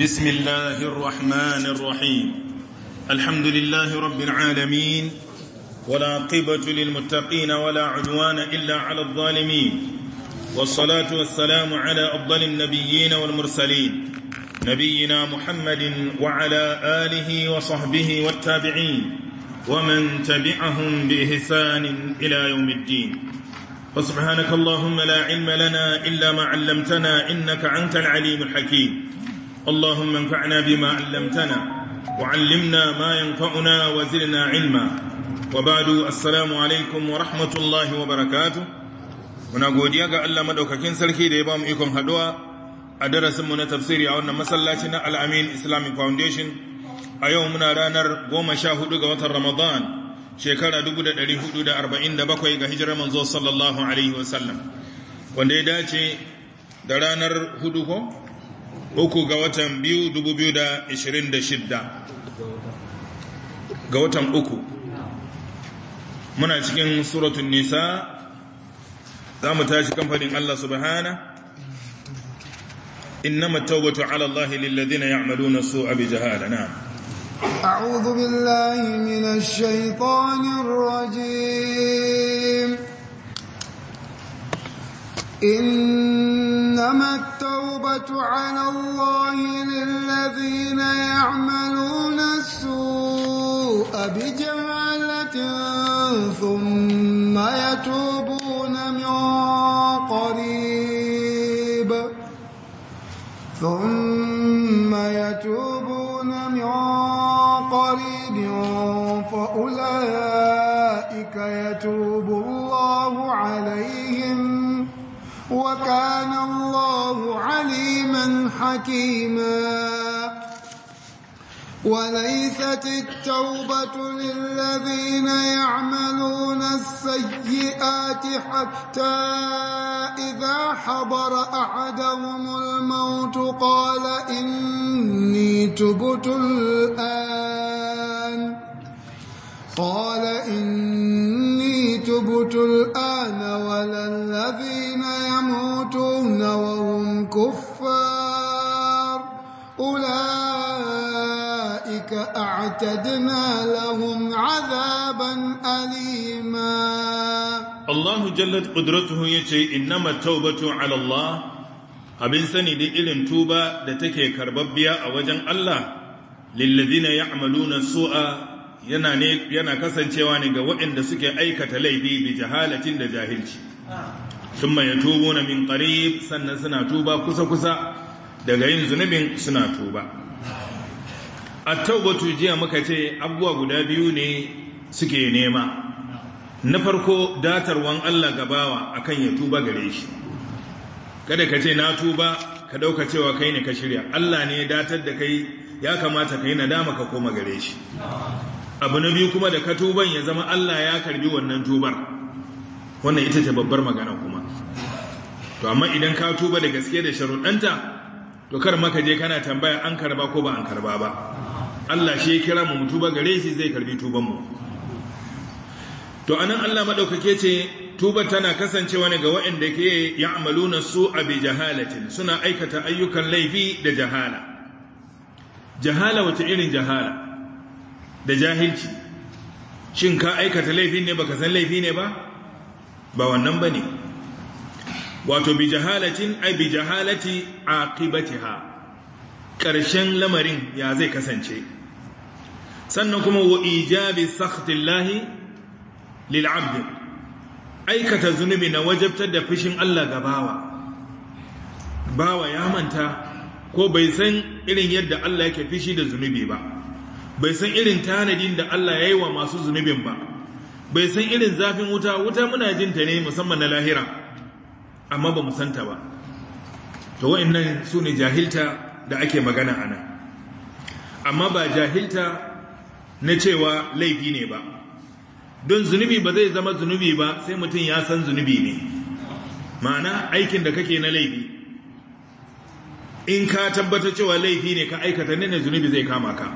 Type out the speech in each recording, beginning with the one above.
بسم الله الرحمن الرحيم الحمد لله رب العالمين ولا قبة للمتقين ولا عدوان إلا على الظالمين والصلاة والسلام على أفضل النبيين والمرسلين نبينا محمد وعلى آله وصحبه والتابعين ومن تبعهم بإحسان إلى يوم الدين فسبحانك اللهم لا علم لنا إلا ما علمتنا إنك أنت العليم الحكيم اللهم انفعنا بما علمتنا وعلمنا ما ينفعنا وزلنا علما وبعد السلام عليكم ورحمة الله وبركاته muna godiya ga Allah madaukakin sarki da ya ba mu ikon haɗuwa? a darasinmu na tafsiri a wannan masallaci na Al-Amin Islamic Foundation a yau muna ranar 14 ga watan Ramadan shekara 447 ga hijirar manzo sallallahu alaihi wasallam wanda ya dace da ranar hudu ko uku ga watan biyu dubu biyu da ishirin da shidda ga watan uku muna cikin suratun nisa za mu tashi kamfanin Allah subhana innama taubatu ala Allah lillazina ya'maluna su'a bi jahala na'am أعوذ بالله من الشيطان الرجيم إنما التوبة على الله للذين يعملون السوء بجهالة ثم يتوبون من التوبة للذين يعملون السيئات حتى إذا حضر أحدهم الموت قال إني تبت الآن قال إني تبت الآن ولا الذين وأعتدنا لهم عذابا أليما الله جلت قدرته يتي إنما التوبة على الله abin sani da irin tuba da take biya a wajen Allah lillazina ya'maluna su'a yana ne yana kasancewa ne ga waɗanda suke aikata laifi bi jahalatin da jahilci thumma yatubuna min qarib sannan suna tuba kusa kusa daga yin zunubin suna tuba at-taubatu jiya muka ce abubuwa guda biyu ne suke nema na farko datarwan Allah gabawa akan ya tuba gare shi kada ka ce na tuba ka dauka cewa kai ne ka shirya Allah ne ya datar da kai ya kamata kai nadama ka koma gare shi abu na biyu kuma da ka tuban ya zama Allah ya karbi wannan tubar wannan ita ce babbar magana kuma to amma idan ka tuba da gaske da sharuɗanta to kar maka je kana tambaya an karba ko ba an karba ba Allah shi ya kira mu tuba gare shi zai karbi tuban mu to anan Allah madaukake ce tuba tana kasancewa ne ga waɗanda ke ya'maluna su'a bi jahalatin suna aikata ayyukan laifi da jahala jahala wata irin jahala da jahilci shin ka aikata laifi ne baka san laifi ne ba ba wannan bane wato bi jahalatin ai bi jahalati aqibatiha ƙarshen lamarin ya zai kasance sannan kuma wa ijabi sakhtillahi lil abd aikata zunubi na wajabtar da fushin Allah ga bawa bawa ya manta ko bai san irin yadda Allah yake fishi da zunubi ba bai san irin tanadin da Allah ya yi wa masu zunubin ba bai san irin zafin wuta wuta muna jin ta ne musamman na lahira amma ba mu santa ba to wa'annan su ne jahilta da ake magana ana amma ba jahilta na cewa laifi ne ba don zunubi ba zai zama zunubi ba sai mutum ya san zunubi ne ma'ana aikin da kake na laifi in ka tabbatar cewa laifi ne ka aikata ne na zunubi zai kama ka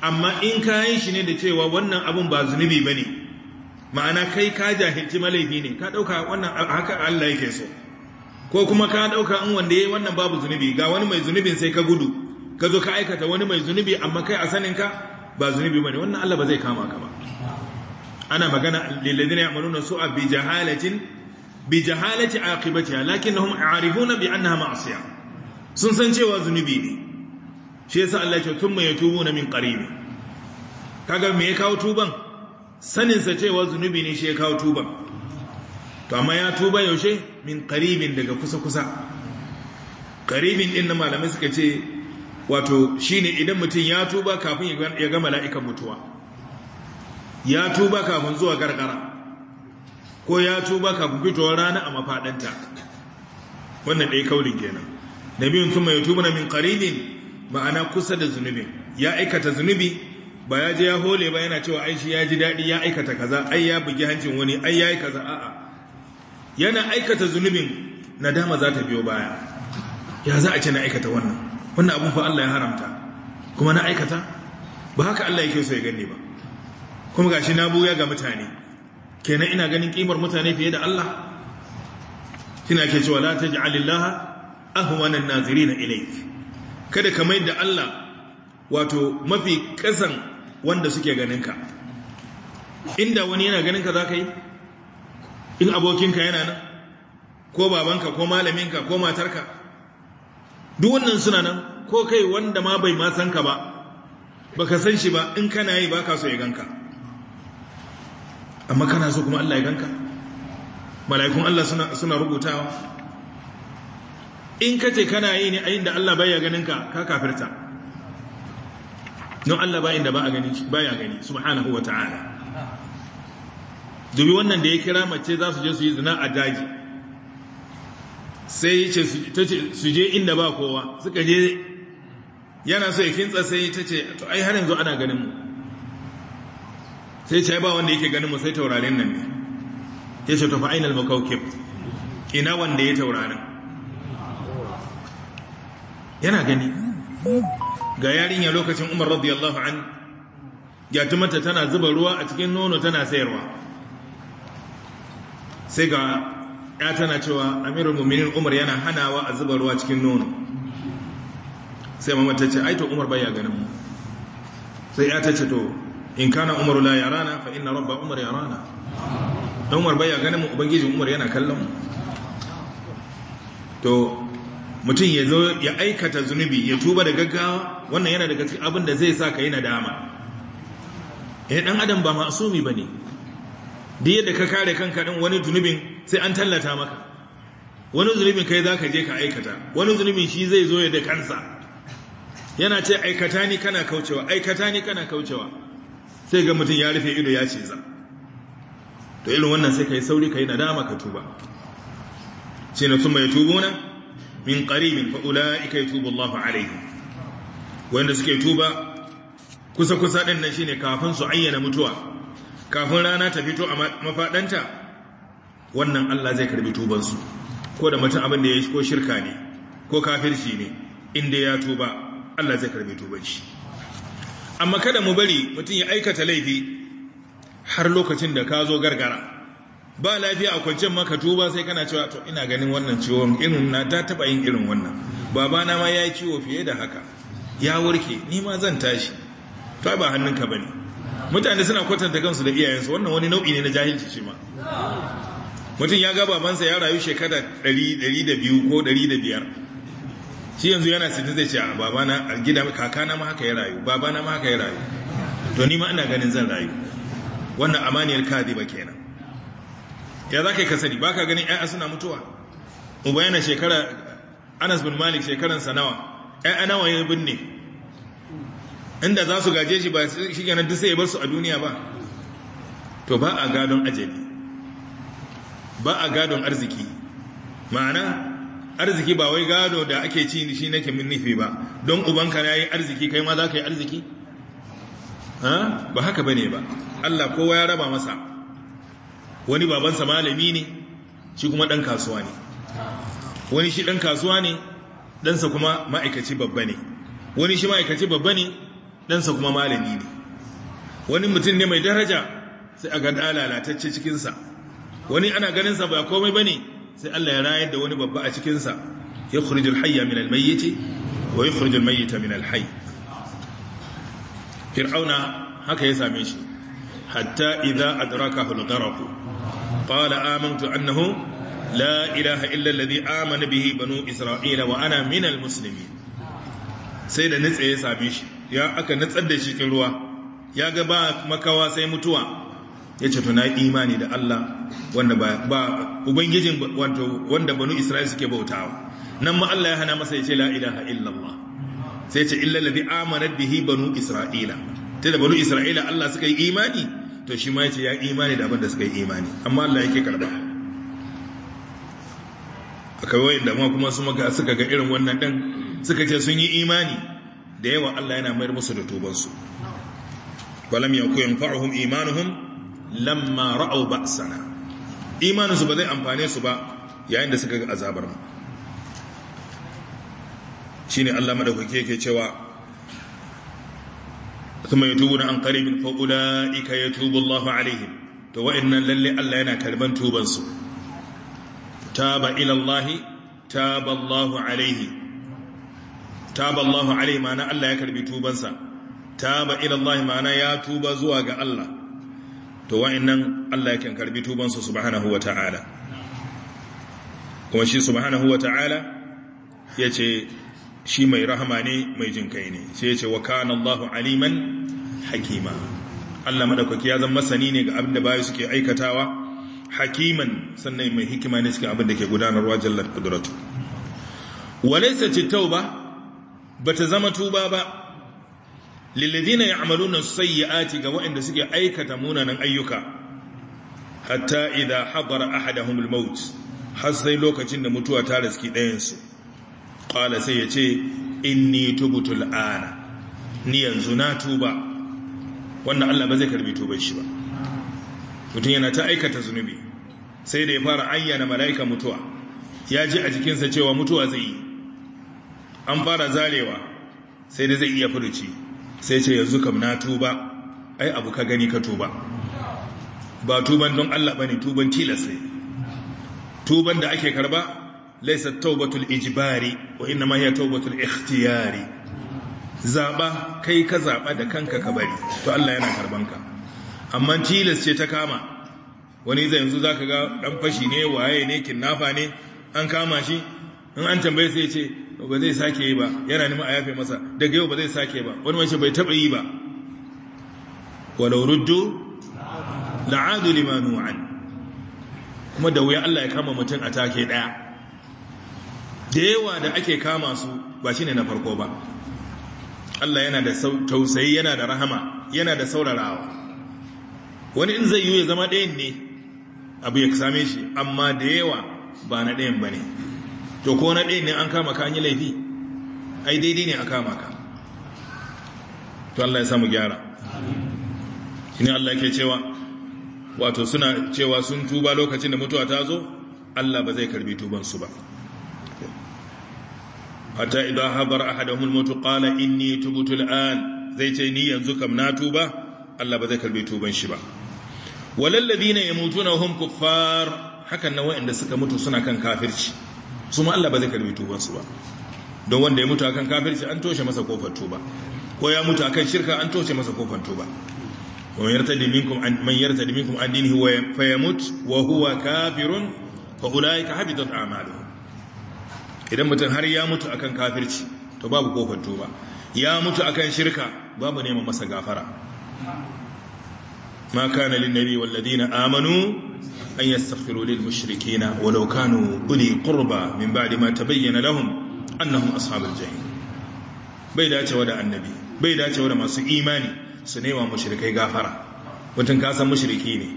amma in ka yi shi ne da cewa wannan abun ba zunubi ba ne ma'ana kai ka jahilci laifi ne ka ɗauka wannan haka Allah yake so ko kuma ka ɗauka in wanda ya yi wannan babu zunubi ga wani mai zunubin sai ka gudu ka zo ka aikata wani mai zunubi amma kai a saninka ba zunubi bane wannan Allah ba zai kama ka ba ana magana lilladina ya'maluna su'a bi jahalatin bi jahalati aqibatiha lakinnahum a'rifuna bi annaha ma'siyah sun san cewa zunubi ne shi yasa Allah ya ce tumma yatubuna min qarib kaga me ya kawo tuban sanin sa cewa zunubi ne shi ya kawo tuban to amma ya tuba yaushe min qaribin daga kusa kusa qaribin din malamai suka ce wato shine idan mutum ya tuba kafin ya ga mala'ikan mutuwa ya tuba kafin zuwa gargara ko ya tuba kafin fitowar rana a mafaɗanta wannan ɗaya kaurin kenan na biyun sun mai tuba na min ƙarinin ma'ana kusa da zunubi ya aikata zunubi ba ya je ya hole ba yana cewa aishi ya ji daɗi ya aikata kaza ai ya bugi hancin wani ai ya yi kaza a'a yana aikata zunubin nadama za ta biyo baya ya za a ce na aikata wannan wannan abun fa Allah ya haramta kuma na aikata ba haka Allah yake so ya gane ba kuma gashi na buya ga mutane kenan ina ganin kimar mutane fiye da Allah kina ke cewa la taj'alillaha ahwanan nazirin ilayk kada ka mai da Allah wato mafi kasan wanda suke ganin ka inda wani yana ganin ka zakai yi in abokinka yana nan ko babanka ko malaminka ko matarka duk wannan suna nan ko kai wanda ma bai ma san ka ba baka san shi ba in kana yi baka so ya ganka amma kana so kuma Allah ya ganka mala'ikun Allah suna suna rubutawa in kace kana yi ne a inda Allah bai ganin ka ka kafirta don Allah ba inda ba a gani ya gani subhanahu wata'ala dubi wannan da ya kira mace za su je su yi zina a daji sai ce su je inda ba kowa suka je yana so ya kintsa sai ta ce to ai har yanzu ana ganin mu sai ce ba wanda yake ganin mu sai taurarin nan ne ya ce to fa ainal makaukib ina wanda ya taurarin yana gani ga ya lokacin Umar radiyallahu an gyatumata tana zuba ruwa a cikin nono tana sayarwa sai ga ya tana cewa amirul muminin umar yana hanawa a zuba ruwa cikin nono sai mamar ta ce aito umar baya ganin mu sai ya ta ce to in kana umaru la rana, fa na rabba umar rana." don umar baya ganin mu ubangijin umar yana kallon mu to mutum ya zo ya aikata zunubi ya tuba da gaggawa wannan yana daga cikin abin da zai sa ka yi nadama eh dan adam ba masumi bane duk yadda ka kare kanka din wani zunubin sai an tallata maka wani zunubin kai za ka je ka aikata wani zunubin shi zai zo ya da kansa yana ce aikata ni kana kaucewa aikata ni kana kaucewa sai ga mutum ya rufe ido ya ce za to irin wannan sai ka yi sauri ka yi nadama ka tuba ce na sun mai na min min fa'ula ika yi tubo Allah alaihi wanda suke tuba kusa-kusa ɗin nan shi ne kafin su ayyana mutuwa kafin rana ta fito a mafaɗanta wannan Allah zai karbi tubansu ko da mutum abin da ya yi ko shirka ne ko kafirci ne inda ya tuba Allah zai karbi tuban shi amma kada mu bari mutum ya aikata laifi har lokacin da ka zo gargara ba lafiya a kwanciyar maka tuba sai kana cewa to ina ganin wannan ciwon irin na ta taba yin irin wannan babana ma ya yi ciwo fiye da haka ya warke ni ma zan tashi to ba hannunka bane mutane suna kwatanta kansu da iyayensu wannan wani nau'i ne na jahilci shi ma mutum ya ga babansa ya rayu shekara 200 ko 500 shi yanzu yana sita zai ce babana a gida kakana ma haka ya rayu babana ma haka ya rayu to ni ma ina ganin zan rayu wannan amaniyar ba kenan ya za ka yi kasari ba ka ganin ‘ya'ya suna mutuwa uba yana shekara anas bin malik sa nawa ‘ya'ya nawa ya binne inda za su gaje shi ba shi ganin duk sai ya bar su a duniya ba to ba a gadon ajali ba a gadon arziki ma'ana arziki ba wai gado da ake ci shi nake min nufi ba don ubanka ya yi arziki kai ma za ka yi arziki ba haka ba ne ba Allah kowa ya raba masa wani babansa malami ne shi kuma ɗan kasuwa ne wani shi ɗan kasuwa ne ɗansa kuma ma'aikaci babba ne wani shi ma'aikaci babba ne ɗansa kuma malami ne wani mutum ne mai daraja sai a ga lalatacce cikinsa wani ana ganin sa ba komai bane sai Allah ya rayar da wani babba a cikinsa ya yukhrijul hayya min al mayyit wa yukhrijul mayyita min alhay. fir'auna haka ya same shi hatta idza adraka al gharq qala amantu annahu la ilaha illa alladhi amana bihi banu isra'ila wa ana min al sai da nitsa ya same shi ya aka nitsar da shi kin ruwa ya ga ba makawa sai mutuwa ya ce tuna imani da Allah wanda ba ubangijin wanda banu Isra'il suke bautawa nan ma Allah ya hana masa ya ce la ilaha illallah sai ce ce illa amanar da hi banu Isra'ila ta da banu Isra'ila Allah suka yi imani to shi ma ya ce ya imani da abin da suka yi imani amma Allah yake karba a wayin da ma kuma su maka suka ga irin wannan ɗan, suka ce sun yi imani da yawa Allah yana mayar musu da tubansu walam yakun fa'uhum imanuhum lamma ra'au ba'sana imaninsu ba zai amfane su ba yayin da suka ga azabar mu shine Allah madaukake yake cewa thumma yatubuna an qaribin fa ulaika yatubu Allahu alaihim to wa'annan lalle Allah yana karban tuban su taba ila Allah taba Allahu alaihi taba Allahu alaihi mana Allah ya karbi tubansa taba ila Allah mana ya tuba zuwa ga Allah to nan Allah yakan karbi tuban su subhanahu ta'ala kuma shi subhanahu ya yace shi mai rahama ne mai jinkai ne sai yace wa kana Allahu aliman hakima Allah madaukaki ya zama masani ne ga abin da bayu suke aikatawa hakiman sannan mai hikima ne cikin abin da ke gudanarwa jallar qudratu walaysa tauba bata zama tuba ba lilladina ya'maluna sayyi'ati ga waɗanda suke aikata munanan ayyuka hatta idha hadara ahaduhum al-maut har sai lokacin da mutuwa ta riski ɗayan su qala sai yace inni tubtu al-ana ni yanzu na tuba wannan Allah ba zai karbi tubar shi ba mutum yana ta aikata zunubi sai da ya fara ayyana mala'ika mutuwa ya ji a jikinsa cewa mutuwa zai yi an fara zalewa sai da zai iya furuci sai ce yanzu kam na tuba ai abu ka gani ka tuba ba tuban don Allah bane tuban tilas ne tuban da ake karba laysa taubatul ijbari wa ma hiya taubatul ikhtiyari zaba kai ka zaɓa da kanka ka bari to Allah yana karban ka amma tilas ce ta kama wani zai yanzu zaka ga ɗan fashi ne waye ne kinnafa ne an kama shi in an tambaye sai ce ba zai sake yi ba yana nima a yafe masa daga yau ba zai sake ba wani wace bai taba yi ba walau la'adu limanu an kuma da wuya Allah ya kama mutum a take ɗaya da yawa da ake kama su ba shi ne na farko ba Allah yana da tausayi yana da rahama yana da saurarawa wani in zai yi ya zama ɗayan ne abu ya same shi amma da yawa ba na ɗayan bane. to ko na ɗaya ne an kama ka an yi laifi ai daidai ne a kama ka to Allah ya samu gyara shine Allah yake cewa wato suna cewa sun tuba lokacin da mutuwa ta zo Allah ba zai karbi tuban su ba hatta idza habara ahaduhum al-maut qala inni tubtu al zai ce ni yanzu kam na tuba Allah ba zai karbi tuban shi ba walal ladina yamutuna hum kuffar hakan na wa'anda suka mutu suna kan kafirci su ma Allah ba zai karbi tubansu ba don wanda ya mutu akan kafirci an toshe masa kofar tuba ko ya mutu akan shirka an toshe masa kofar tuba ومن يرتد منكم عن من يرتد منكم عن دينه فيموت وهو كافر فاولئك حبطت اعمالهم idan mutum har ya mutu akan kafirci to babu kofar tuba ya mutu akan shirka babu neman masa gafara ma kana lin nabi wal amanu an yastaghfiru lil mushrikina walau kanu uli qurba min ba'di ma tabayyana lahum annahum ashabul jahim bai dacewa da annabi bai dacewa da masu imani su nema mushrikai gafara mutum ka san mushriki ne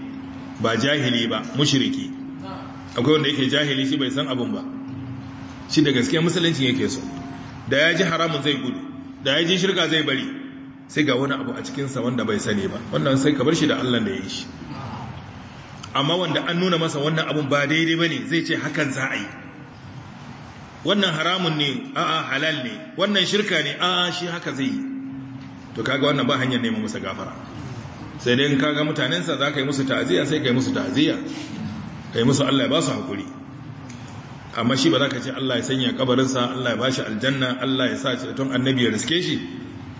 ba jahili ba mushriki akwai wanda yake jahili shi bai san abun ba shi da gaskiya musulunci yake so da ya ji haramun zai gudu da ya ji shirka zai bari sai ga wani abu a cikinsa wanda bai sani ba wannan sai ka bar shi da allan da ya yi shi amma wanda an nuna masa wannan abun ba daidai ba ne zai ce hakan za a yi wannan haramun ne a'a halal ne wannan shirka ne a shi haka zai yi to kaga wannan ba hanyar neman musu gafara sai dai in kaga mutanensa za ka yi musu ta'aziyya sai ka yi musu ta'aziyya ka yi musu Allah ya ba su haƙuri amma shi ba za ka ce Allah ya sanya kabarinsa Allah ya ba shi aljanna Allah ya sa ce tun annabi ya riske shi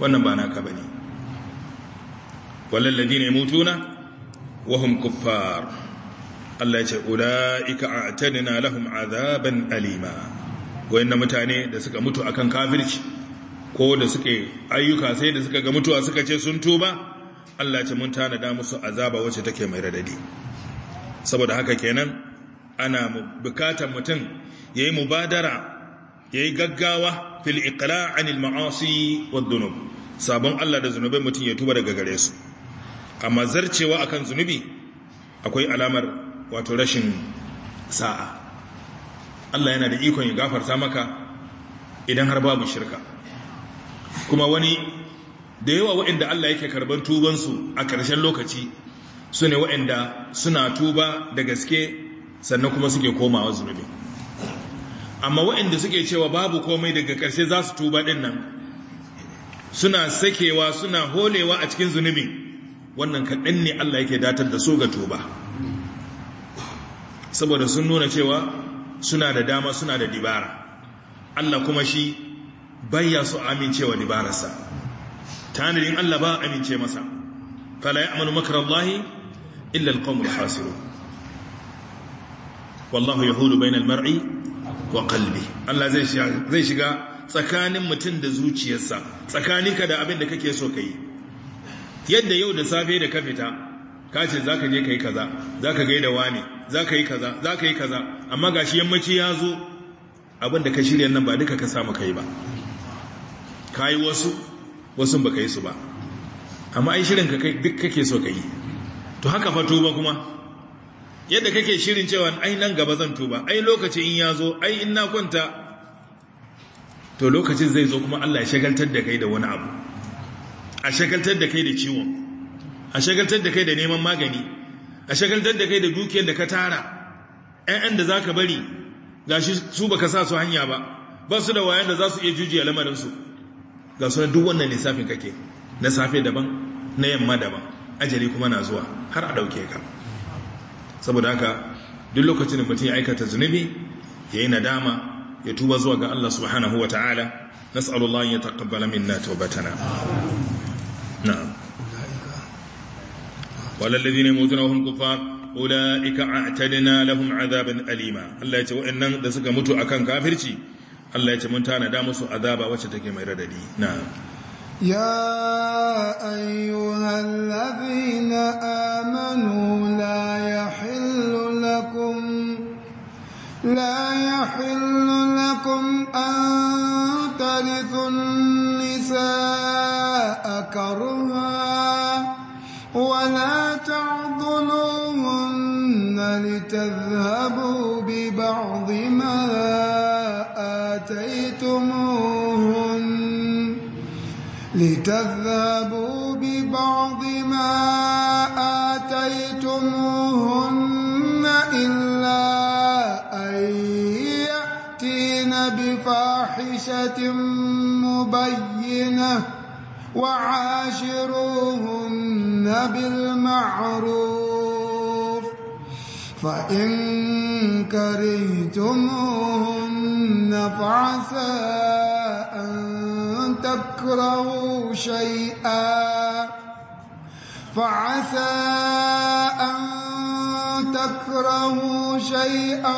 wannan ba naka bane wallan ladina yamutuna wa hum kuffar Allah ya ce ulaika a'tadna lahum azaban alima na mutane da suka mutu akan kafirci ko da suke ayyuka sai da suka ga mutuwa suka ce sun tuba Allah ce mun tanada musu azaba wacce take mai radadi saboda haka kenan ana bukatar mutum ya yayi mubadara yayi gaggawa fil iqla' an ma'asi wa dunub sabon Allah da zunubai mutum ya tuba daga gare su amma zarcewa akan zunubi akwai alamar wato rashin sa'a Allah yana da ikon ya gafarta maka idan har babu shirka kuma wani da yawa wa'inda Allah yake karban tubansu a ƙarshen lokaci su ne wa'inda suna tuba da gaske sannan kuma suke komawa zunubi amma waɗanda suke cewa babu komai daga ƙarshe za su tuba ɗin nan suna sakewa suna holewa a cikin zunubi wannan kaɗan ne Allah yake datar da su ga tuba saboda sun nuna cewa suna da dama suna da dibara Allah kuma shi bayya su amincewa dibararsa Tanadin Allah ba amince masa fala ya'malu makarallahi illa alƙawar khasirun wallahu Yahudu bainal mar'i wa kalbi. Allah zai shiga tsakanin mutum da zuciyarsa tsakaninka da abin da kake so yi yadda yau da safe da ka fita ka ce zaka je kayi kaza zaka gaida wani zaka yi kaza zaka yi kaza amma gashi yammaci ya zo abin da ka shirya nan ba duka ka samu kai ba yi wasu wasu ka yi su ba amma ai shirin ka duk kake so yi to haka fa tuba kuma yadda kake shirin cewa ai nan gaba zan tuba ai lokaci in ya ai in na kwanta to lokacin zai zo kuma Allah ya shagaltar da kai da wani abu a shagaltar da kai da ciwon a shagaltar da kai da neman magani a shagaltar da kai da dukiyar da ka tara ƴaƴan da zaka bari gashi su baka sa su hanya ba ba su da wayan da za su iya jujiya lamarin su ga su duk wannan lissafin kake na safe daban na yamma daban ajali kuma na zuwa har a dauke ka saboda haka duk lokacin da mutum ya aikata zunubi yayi nadama ya tuba zuwa ga Allah subhanahu wa ta'ala ya taqabbala minna tawbatana na'am walal ladina yamutuna hum kuffar ulaika a'tadna lahum azaban alima Allah ya ce wa'annan da suka mutu akan kafirci Allah ya ce mun tana da musu azaba wacce take mai radadi na'am يا ايها الذين امنوا لا يحل لكم لا يحل لكم أن ترثوا النساء كرها ولا تعضلوهن لتذهبوا ببعض ما آتيتموهن لتذهبوا ببعض ما آتيتموهن بفاحشة مبينة وعاشروهن بالمعروف فإن كرهتموهن فعسى أن تكرهوا شيئا فعسى أن تكرهوا شيئا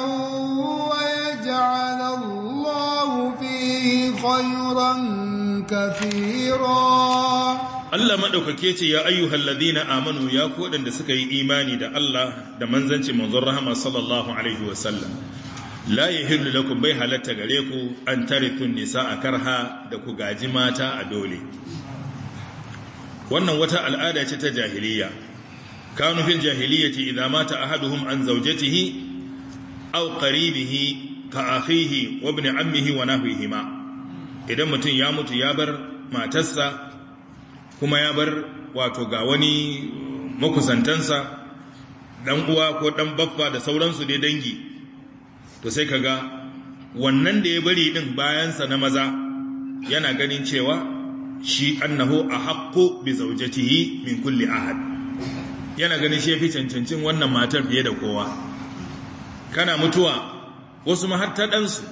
ويجعل الله الله خيرا كثيرا Allah maɗaukake ce ya ayyuhal ladina amanu ya ku waɗanda suka yi imani da Allah da manzanci manzon rahama sallallahu alaihi sallam. la yahillu lakum bai halatta gare ku an tarithun nisa a karha da ku gaji mata a dole wannan wata al'ada ce ta jahiliya kanu fil ce idza mata ahaduhum an zawjatihi aw qaribihi ka akhihi wa ibn ammihi wa nahwihima idan mutum ya mutu ya bar matarsa kuma ya bar wato ga wani makusantansa dan uwa ko dan baffa da sauransu dai dangi to sai kaga wannan da ya bari din bayansa na maza yana ganin cewa shi annahu a bi zawjatihi min kulli ahad yana ganin shi fi cancancin wannan matar fiye da kowa kana mutuwa wasu ma ɗansu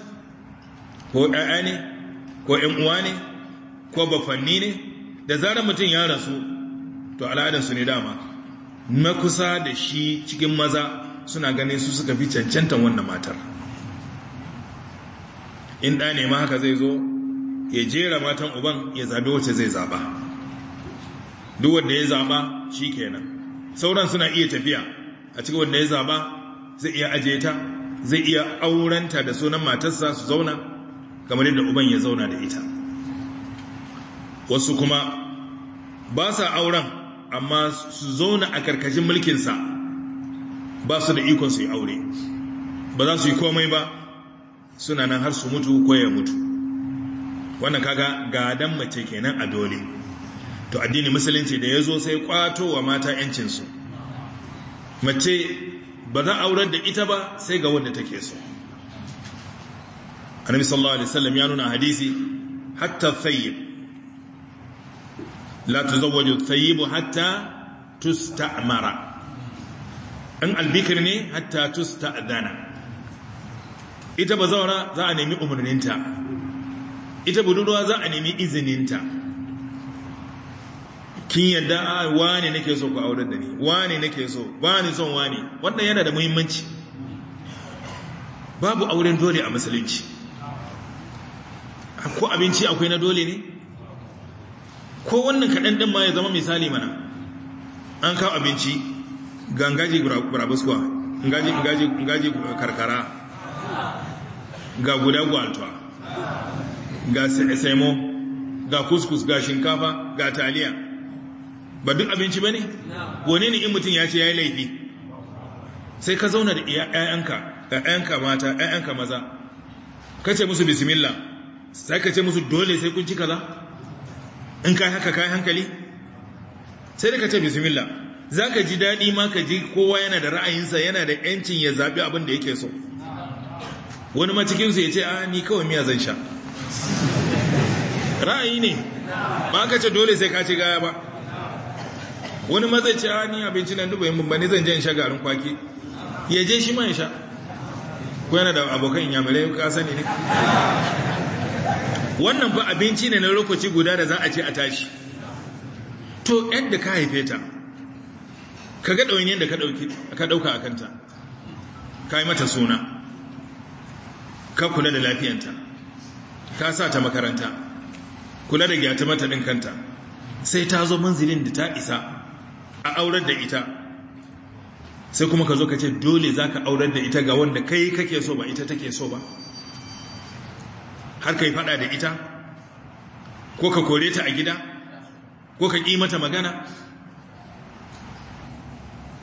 ko ɗaya ne ko ‘yan uwa ne ko bafanni ne da zarar mutum ya rasu to al'adarsu ne dama na kusa da shi cikin maza suna ganin su suka fi cancantan wannan matar in ɗa ne ma haka zai zo ya jera matan uban ya zaɓi wacce zai zaɓa duk wanda ya zaɓa shi kenan sauran suna iya tafiya a cikin wanda ya zaɓa zai iya ajiye ta zai iya aurenta da sunan matarsa su zauna kamar yadda uban ya zauna da ita wasu kuma ba sa auren amma su zauna a karkashin mulkinsa ba su da ikon su yi aure ba za su yi komai ba suna nan har su mutu ko ya mutu wannan kaga gadan mace kenan a dole to addini musulunci da ya zo sai kwato wa mata 'yancinsu mace ba za a aurar da ita ba sai ga wanda take so annabi sallallahu alaihi wasallam ya nuna hadisi hatta thayyib la tazawwaju thayyibu hatta tusta'mara in albikir ne hatta tusta'dana ita bazawara za a nemi umarninta ita budurwa za a nemi izininta kin yadda a wane nake so ku auren da ni wane nake so ba ni son wane wannan yana da muhimmanci babu auren dole a musulunci ko abinci akwai na dole ne ko wannan kaɗan ɗin ma ya zama misali mana an kawo abinci ga ngaji burabuskuwa ngaji karkara ga guda gwaltuwa ga saimo ga kuskus ga shinkafa ga taliya ba duk abinci ba ne wane ne in mutum ya ce ya yi laifi sai ka zauna da ‘ya'yanka ‘ya'yanka mata ‘ya'yanka maza ka ce musu bismillah sai ka ce musu dole sai kun ci kaza in ka haka ka hankali sai da ka ce bismillah za ka ji daɗi ma ka ji kowa yana da ra'ayinsa yana da ‘yancin ya zaɓi abin da yake so wani ma cikinsu ya ce a ah, ni kawai miya zan sha ra'ayi ne ba ka ce dole sai ka ci gaya ba wani ma a ah, ni abinci na dubu yin bane zan je in sha garin kwaki ya je shi ma ya sha ko yana da abokan yamurai ka sani ne wannan ba abinci ne na lokaci guda da za a ce a tashi to yadda ka haife ta ka ga ɗauyin yadda ka ɗauka a kanta ka yi mata suna ka kula da lafiyanta ka sa ta makaranta kula da gyata mata ɗin kanta sai ta zo manzilin da ta isa a aurar da ita sai kuma ka zo ka ce dole za ka aurar da ita ga wanda kai kake so ba ita take so ba har ka yi fada da ita ko ka kore ta a gida ko ka ƙi mata magana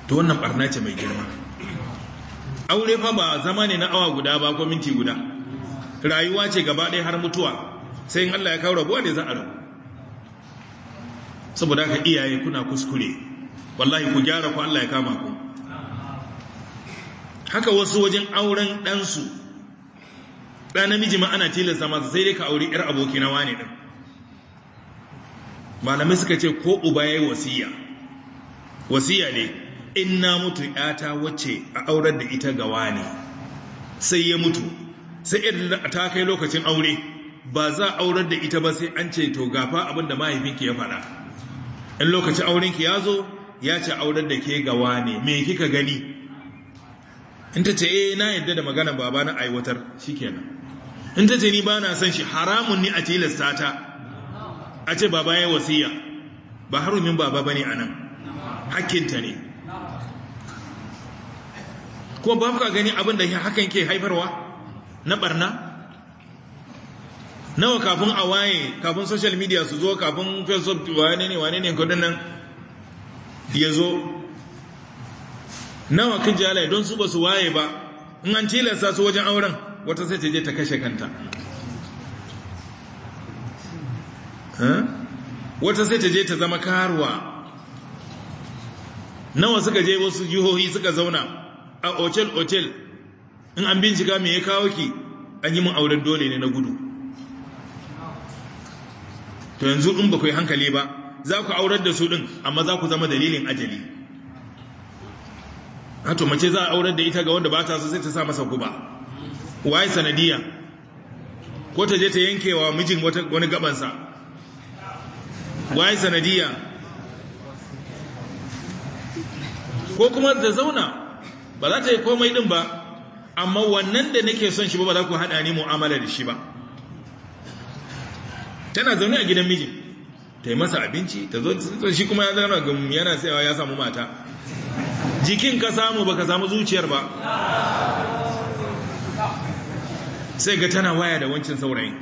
ta wannan barna ce mai girma aure fa ba zama ne na awa guda ba ko minti guda rayuwa ce gaba ɗaya har mutuwa sai in Allah ya kawo rabuwa ne za a rabu saboda haka iyaye kuna kuskure wallahi ku gyara ku Allah ya kama ku haka wasu wajen auren ɗansu Da namiji ma ana tilasta masu sai dai ka auri 'yar aboki na wane ɗin malami suka ce ko uba ya yi wasiya wasiya ne in na mutu ‘yata wacce a aurar da ita ga wane sai ya mutu sai irin ta kai lokacin aure ba za a aurar da ita ba sai an ce to gafa abin da mahaifinki ya faɗa in lokacin aurenki ya zo ya ce auren da ke gawa ne me kika gani in ta ce eh na yadda da magana baba na aiwatar kenan. in ta ce ni ba na san shi haramun ni a tilasta ta a ce baba ya wasiya ba harumin baba bane anan hakkinta ne ko ba ka gani abin da hakan ke haifarwa na barna nawa kafin a waye kafin social media su zo kafin facebook wane ne wane ne kudin nan ya zo nawa kan jalaye don su ba su waye ba in an tilasta su wajen auren wata sai ta je ta kashe kanta wata sai ta je ta zama karuwa nawa suka je wasu jihohi suka zauna a otel-otel in an bincika mai ya kawo ki an yi mun auren dole ne na gudu to yanzu in ba ku hankali ba za ku aurar da su ɗin amma za ku zama dalilin ajali hato mace za a aurar da ita ga wanda ba ta so sai ta sa masa guba waye sanadiya ko ta je ta yankewa mijin wani gabansa waye sanadiya ko kuma da zauna ba za ta yi komai ɗin ba amma wannan da nake son shi ba ba za ku haɗa ni mu'amala da shi ba tana zaune a gidan mijin ta yi masa abinci ta zo shi kuma ya zara gam yana tsayawa ya samu mata jikin ka samu baka samu zuciyar ba sai ga tana waya da wancan saurayin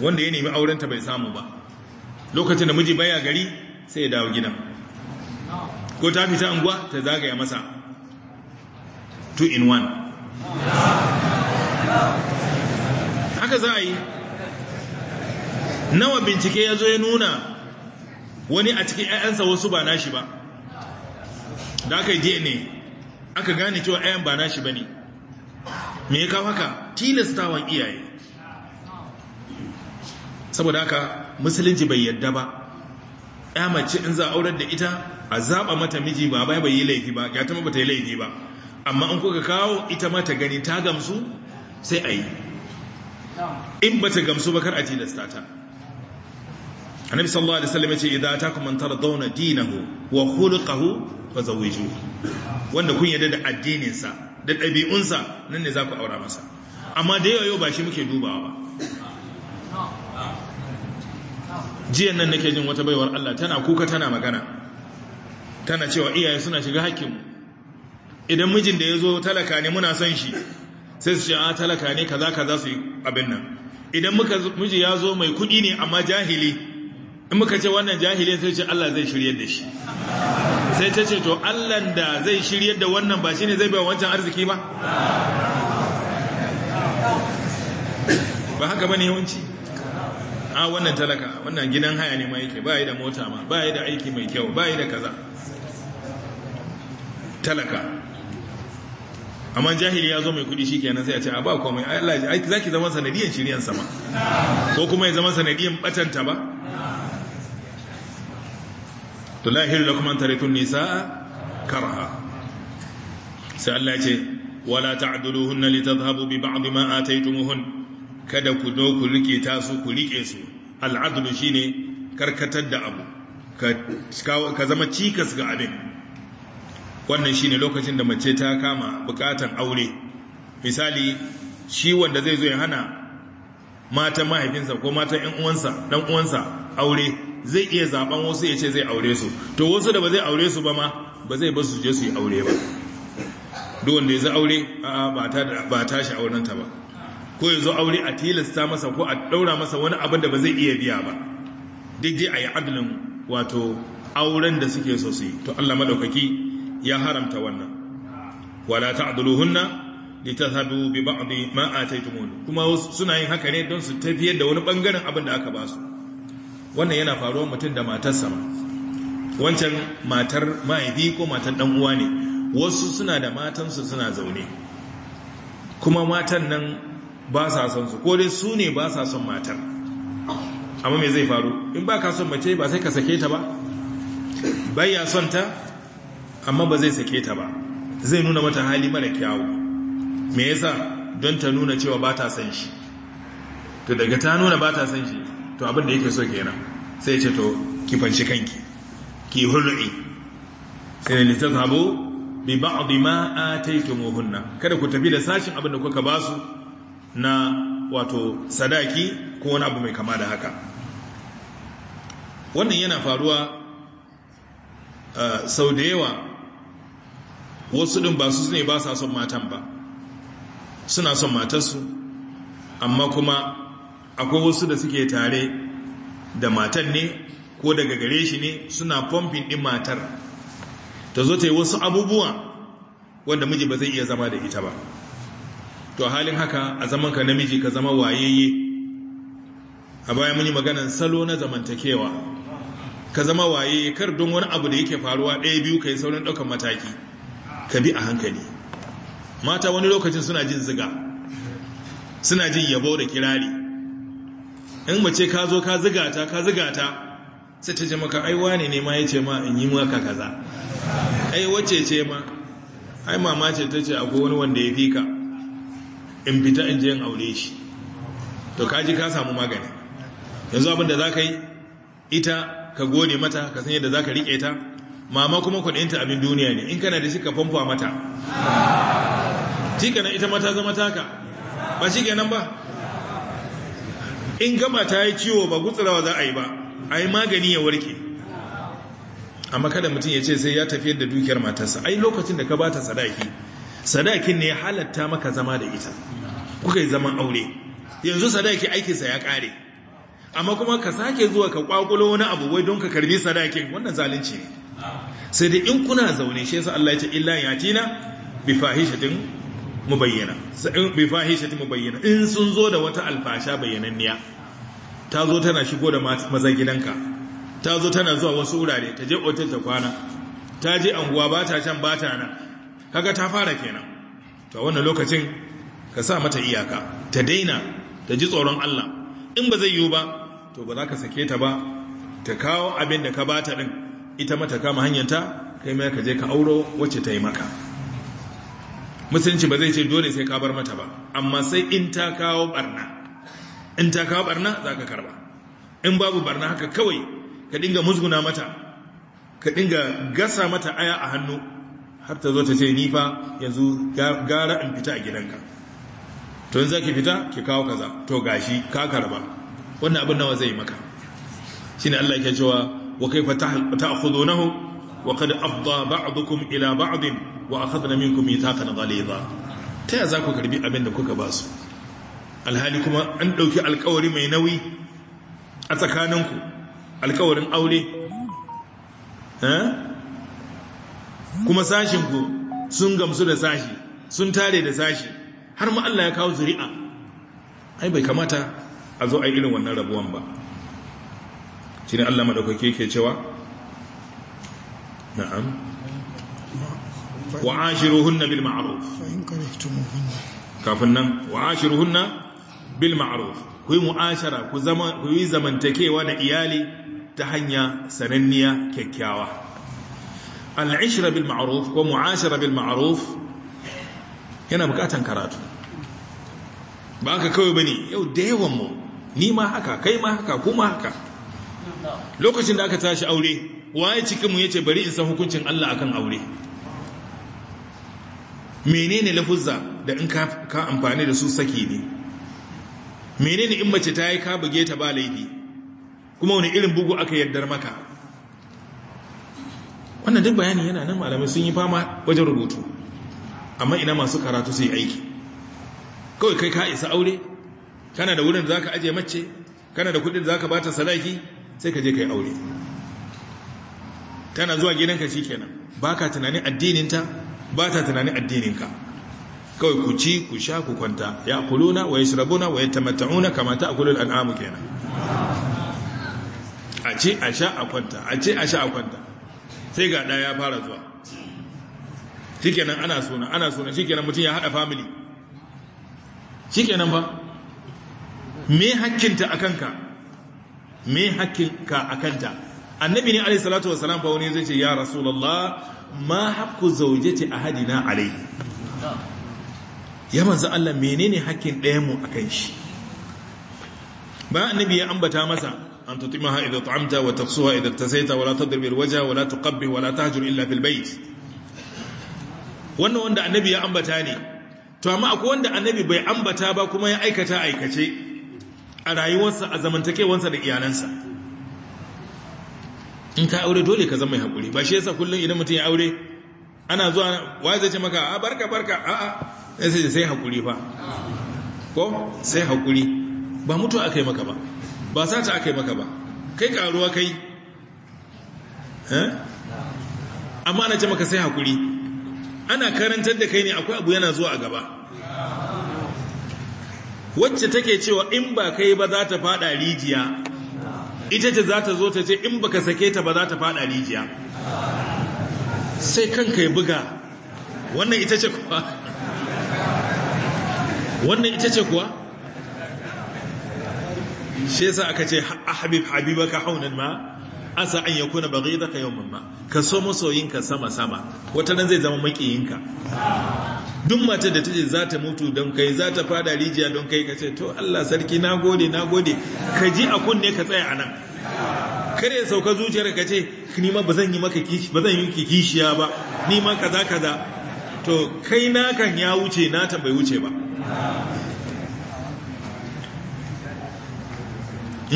wanda ya nemi aurenta bai samu ba lokacin da miji baya gari sai ya dawo gina ko ta fita anguwa ta zagaya masa two in one haka za a yi nawa bincike ya zo ya nuna wani a cikin ‘ya'yansa wasu ba nashi ba da aka yi dna aka gane cewa ‘ya'yan ba nashi ba ne me ya kawo haka tilastawan iyaye saboda haka musulunci bai yadda ba ‘ya mace in za aurar da ita a zaɓa mata miji ba bai bai yi laifi ba ya ta bata yi laifi ba amma in kuka kawo ita mata gani ta gamsu sai a yi in bata gamsu ba kar a tilasta ta annabi sallallahu alaihi wasallam yace idza atakum man tardawna dinahu wa khuluquhu fazawiju wanda kun yarda da addinin sa da ɗabi'unsa nan ne za ku aura masa amma da yau ba shi muke dubawa ba jiyan nan nake jin wata baiwar Allah tana kuka tana magana tana cewa iyaye suna shiga mu. idan mijin da ya talaka ne muna son shi sai su ce a ah, talaka ne kaza kaza su yi abin nan idan miji ya zo mai kuɗi ne amma jahili in muka ce wannan jahiliyar sai ce Allah zai shiryar da shi sai ta ce to Allah da zai shiryar da wannan ba shine zai bai wancan arziki ba ba haka bane yawanci a wannan talaka wannan gidan haya ne ma yake ba yi da mota ma ba yi da aiki mai kyau ba yi da kaza talaka amma jahili ya zo mai kudi shi kenan sai a ce a ba komai Allah zaki zama sanadiyan shiryan sama ko kuma ya zama sanadiyan batanta ba to la yahillu lakum an nisa karha sai Allah ya ce wala ta'duluhunna litadhhabu bi ba'd ma ataytumuhun kada ku do ku rike ta su ku rike su al'adlu shine karkatar da abu ka zama cikas ga abin wannan shine lokacin da mace ta kama bukatan aure misali shi wanda zai zo ya hana matan mahaifinsa ko matan 'yan uwansa dan uwansa aure zai iya zaben wasu ya ce zai aure su to wasu da ba zai aure su ba ma ba zai basu je su yi aure ba da ya zai aure ba ta shi aurenta ba ko ya zo aure a tilasta masa ko a ɗaura masa wani abin da ba zai iya biya ba Duk je a yi adalin wato auren da suke so su yi to allah maɗaukaki ya haramta wannan wala ta adaluhunna litazhadu bi ba'd ma ataytumun kuma suna yin haka ne don su tafiyar da wani bangaren abin da aka ba su wannan yana faruwa mutum da matarsa ba wancan matar mahaifi ko matar dan uwa ne wasu suna da matansu suna zaune kuma matan nan ba sa son su ko dai su ne ba sa son matar amma me zai faru in ba ka son mace ba sai ka sake ta ba baya son ta amma ba zai sake ta ba zai nuna mata hali mara kyawu me yasa don ta nuna cewa ba ta son shi to daga ta nuna ba ta son shi to abin da yake so kenan sai ce to ki kanki ki hulu'i sai ne tazhabu bi ba'di ma hunna kada ku tafi da sashin abin da kuka su na wato sadaki ko wani abu mai kama da haka wannan yana faruwa eh, sau da yawa wasu ɗin ba su ne ba sa son matan ba suna son matarsu amma kuma akwai wasu da suke tare da matan ne ko daga gare shi ne suna pumping din matar ta zo ta yi wasu abubuwa wanda miji ba zai iya zama da ita ba to halin haka a zaman ka namiji ka zama wayayye a bayan muni maganan salo na zamantakewa ka zama waye kar don wani abu da yake faruwa ɗaya biyu ka yi saurin ɗaukar mataki ka bi a hankali mata wani lokacin suna jin ziga suna jin yabo da kirari in mace ka zo ka ziga ta ka ziga ta sai ta jama ka ne ne ma ya ce ma in yi maka kaza ai wace ce ma ai mama ce ta ce akwai wani wanda ya fi ka in fita in je in aure shi to kaji ka samu magani yanzu abin da za ka yi ita ka gode mata ka san yadda za ka riƙe ta mama kuma kudinta abin duniya ne in kana da shi ka famfa mata na ita mata zama taka ba shi kenan ba in gama ta yi ciwo ba gutsurawa za a yi ba a yi magani ya warke amma kada mutum ya ce sai ya tafiyar da dukiyar matarsa ai lokacin da ka ba ta sadaki sadakin ne ya halatta maka zama da ita kuka yi zaman aure yanzu sadaki aikinsa ya kare amma kuma ka sake zuwa ka kwakulo wani abu wai don ka karbi sadakin wannan zalunci ne sai dai in kuna zaune shi yasa Allah ya ce illa yatina bi fahishatin mubayyana bi fahishati mubayyana in sun zo da wata alfasha bayyananniya ta zo tana shigo da maza gidanka ta zo tana zuwa wasu wurare ta je otel ta kwana ta je anguwa ba ta can ba ta nan kaga ta fara kenan to wannan lokacin ka sa mata iyaka ta daina ta ji tsoron Allah in ba zai yiwu ba to ba za ka sake ta ba ta kawo abin da ka bata din ita mata kama hanyarta kai ma ka je ka auro wacce ta yi maka musulunci ba zai ce dole sai ka bar mata ba amma sai in ta kawo barna in ta kawo barna za ka karba in babu barna haka kawai ka dinga musguna mata ka dinga gasa mata aya a hannu har ta zo ta ce ni yanzu gara in fita a gidanka to yanzu ki fita ki kawo kaza to gashi ka karba wannan abin nawa zai maka shine Allah yake cewa wa kaifa ta'khudunahu wa qad afda ba'dukum ila ba'din wa yi taka na ghalidha ta yi za ku karbi abin da kuka ba su alhali kuma an ɗauki alkawari mai nauyi a tsakaninku alkawarin aure eh? kuma sashinku sun gamsu da sashi sun tare da sashi har ma Allah ya kawo zuri'a ai bai kamata a zo a irin wannan rabuwan ba shi ne Allah madaukake ke cewa na'am wa ashiruhunna bil ma'ruf kafin nan wa ashiruhunna bil ma'ruf ku yi mu'ashara ku zamantakewa da iyali ta hanya sananniya kyakkyawa al'ishra bil ma'ruf ko mu'ashara bil ma'ruf yana bukatan karatu ba ka kawai bane yau da mu ni ma haka kai ma haka kuma haka lokacin da aka tashi aure waye cikin mu yace bari in san hukuncin Allah akan aure menene lafuzza da in ka amfani da su saki ne menene in mace ta yi ka buge ta ba laifi kuma wani irin bugu aka yardar maka wannan duk bayani yana nan malamai sun yi fama wajen rubutu amma ina masu karatu su yi aiki kawai kai ka isa aure kana da wurin za ka aje mace kana da kudin za ka ba ta salaki sai ka je ka yi aure tana zuwa gidanka shi kenan ba ka tunanin addininta ba ta tunanin addininka kawai ku ci ku sha ku kwanta ya kuluna wa ya shirabuna wa ya tamata'una kamata a akulul al'amu kenan a ce a sha a kwanta a ce a sha a kwanta sai ga ɗaya ya fara zuwa kenan ana suna ana suna kenan mutum ya haɗa family kenan ba me hakkinta a kanka mai hakkinka a kanta annabi ne alaihi salatu wasalam fa wani zai ce ya rasulallah ma haƙƙu a Hadina alaihi ya manzo Allah menene haƙƙin ɗayanmu a akan shi ba annabi ya ambata masa an tutimaha idza ta'amta wa taqsuha idza tasaita wala la tadrib alwajha wa la tuqabbih wa la tahjur illa fil bayt wannan wanda annabi ya ambata ne to amma akwai wanda annabi bai ambata ba kuma ya aikata aikace a rayuwarsa a zamantakewarsa da iyalansa in ka aure dole ka zama mai haƙuri ba shi yasa kullum idan mutum ya aure ana zuwa wa zai ce maka a barka barka a a sai sai haƙuri fa ko sai haƙuri ba mutu aka yi maka ba ba sata aka yi maka ba kai karuwa kai eh? amma ana ce maka sai haƙuri ana karantar da kai ne akwai abu yana zuwa a gaba wacce take cewa in ba kai ba za ta faɗa rijiya ita ce za ta zo ta ce in baka sake ta ba za ta fada rijiya sai kanka ya buga wannan ita ce kuwa wannan ita ce kuwa shi yasa aka ce habib habibaka haunan ma asa an yakuna zaka yau mamma ka so masoyinka sama sama wata zai zama makiyinka duk mace da tace za ta mutu don kai za ta fada rijiya don kai ka ce to Allah sarki na gode na gode ka ji a kunne ka tsaya anan kare sauka zuciyar ka ce ni ma bazan yi maka kishi bazan yi kishiya ba ni ma kaza kaza to kai na kan ya wuce na ta bai wuce ba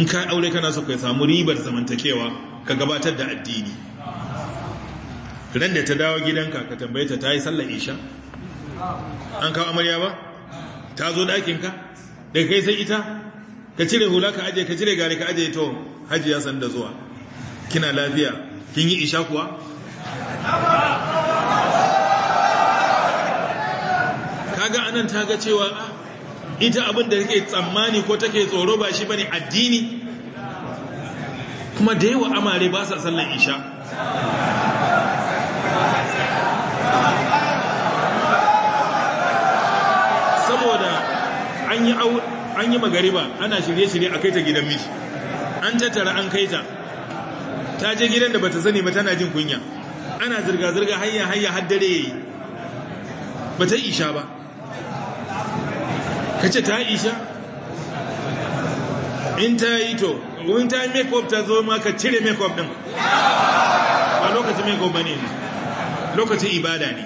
in ka aure kana so kai samu ribar zamantakewa ka gabatar da addini ran da ta dawo gidanka ka tambaye ta ta yi sallar isha an kawo amarya ba ta zo ɗakinka daga kai sai ita ka cire hula ka aje ka cire gari ka aje to hajji ya sanda zuwa kina lafiya kin yi isha kuwa kaga anan ta ga cewa ah, ita abin da take tsammani ko take tsoro ba shi bane addini kuma da yawa amare ba sa sallan isha an yi magariba ana shirye-shirye a kai ta gidan miji an tattara an kai ta ta je gidan da bata sani ba tana jin kunya ana zirga-zirga hanya hanya haddare ba ta isha ba ka ce ta isha in ta yi to wani ta make-up ta zo ma ka cire make-up din ba lokacin make-up ba ne lokacin ibada ne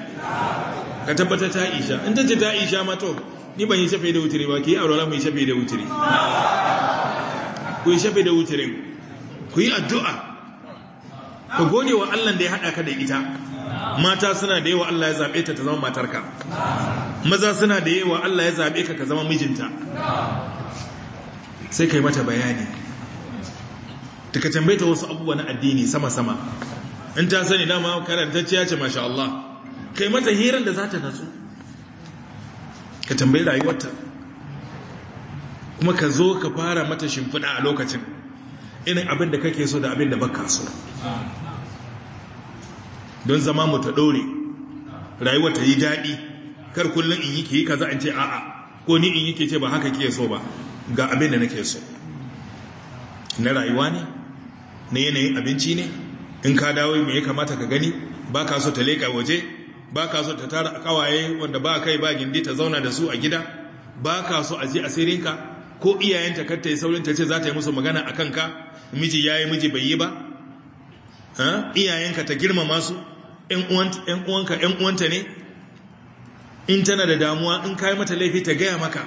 ka tabbatar ta isha in ta ce ta isha mato ni ban yi shafe da wuturi ba ki yi aurora mu yi shafe da wuturi ku yi shafe da wutirin ku yi addu'a ka gode wa Allah da ya haɗa ka da ita mata suna da yawa Allah ya zaɓe ta ta zama matarka maza suna da yawa Allah ya zaɓe ka ka zama mijinta sai ka yi mata bayani ta ka tambaye ta wasu abubuwa na addini sama-sama in ta sani dama karantacciya ce masha Allah Ka yi mata hirar da za ta nasu. ka tambayi rayuwarta kuma ka zo ka fara mata shimfiɗa a lokacin irin abin da kake so da abin da baka so don zama mu ta ɗore rayuwa ta yi daɗi kar kullum in yi ke yi ka in ce a'a ko ni in yi ke ce ba haka ke so ba ga abin da nake so na rayuwa ne na yanayin abinci ne in ka dawo me ya kamata ka gani ba ka so ta leƙa waje ba ka so ta tara kawaye wanda ba kai ba gindi ta zauna da su a gida ba ka so a ji asirinka ko iyayenta kar ta yi saurin ta ce za ta yi musu magana a kanka miji ya yi miji bai yi ba iyayenka ta girmama su ‘yan uwanka ‘yan uwanta ne in tana da damuwa in kayi mata laifi ta gaya maka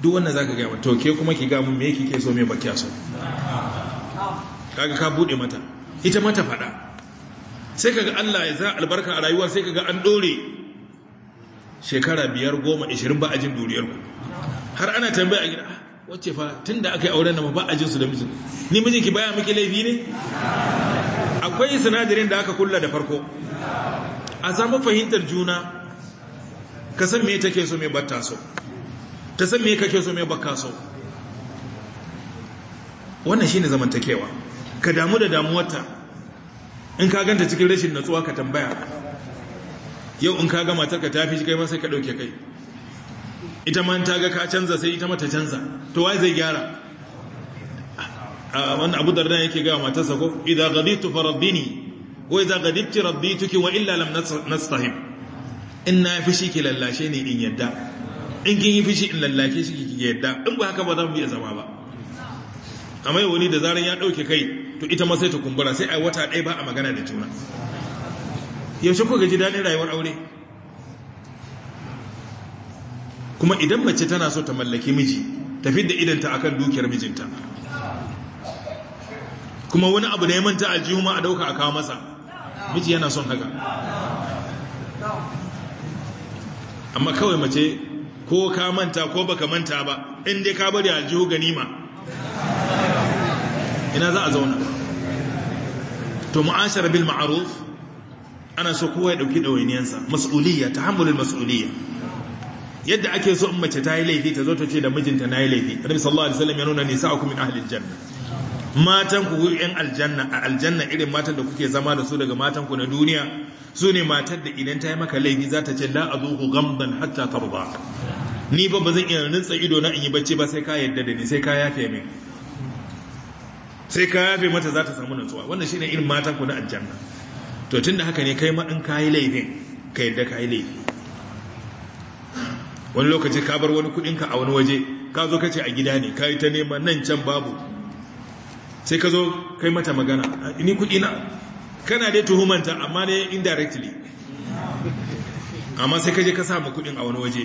duk wannan za ka gaya mata toke kuma ki gamun me kike so me bakiya so kaga ka buɗe mata ita mata faɗa sai kaga Allah ya sa albarka a rayuwa sai kaga an dore shekara biyar goma ishirin ba a jin duriyar ku har ana tambaya a gida ah, wacce fa tun da aka yi auren nama ba a jinsu da mijin ni mijin ki baya miki laifi ne akwai sinadarin da aka kulla da farko a samu fahimtar juna ka san me take so me batta so ta san me kake so me bakka so wannan shine zamantakewa ka damu da damuwarta in ka ganta cikin rashin natsuwa ka tambaya yau in ka ga matarka ta fi shi kai ma sai ka ɗauke kai ita ma ta ga ka canza sai ita mata canza to wai zai gyara ah, wanda abu da darda yake ga matarsa ko idan ne. fa za wa idan rabbi rabbituki wa illa lam nastahim in na fi shi ki lallashe ne in yadda in kin yi fishi in lallake shi ki yadda in ba haka ba za mu iya zama ba amma wani da zaran ya ɗauke kai to ita ma sai ta kumbura sai a wata ɗaya ba a magana da juna yaushe ko gaji daɗin rayuwar aure kuma idan mace tana so ta mallaki miji tafi da idanta akan dukiyar mijinta kuma wani abu da ya manta aljihu ma a dauka a kawo masa miji yana son haka amma kawai mace ko ka manta ko baka manta ba inda ka bari a aljihu ganima ina za a zauna to mu'ashara bil ma'ruf ana so kowa ya dauki dawainiyansa mas'uliyya tahammulul mas'uliyya yadda ake so in mace ta yi laifi ta zo ta ce da mijinta na yi laifi annabi sallallahu alaihi wasallam ya nuna sa'akum min ahli aljanna matan ku yan aljanna a aljanna irin matan da kuke zama da su daga matan ku na duniya su ne matar da idan ta yi maka laifi za ta ce la azuqu ghamdan hatta tarda ni ba zan iya rintsa ido na in yi bacci ba sai ka yarda da ni sai ka yafe min sai ka yafe mata za ta samu natsuwa wannan ne irin matan ku na aljanna to tun da haka ne kai ma in kayi laifin ka yadda kayi laifi wani lokaci ka bar wani kudinka a wani waje ka zo kace a gida ne ka yi ta nema nan can babu sai ka zo kai mata magana ni kudi na kana dai tuhumanta amma ne indirectly amma sai ka je ka sa ma kudin a wani waje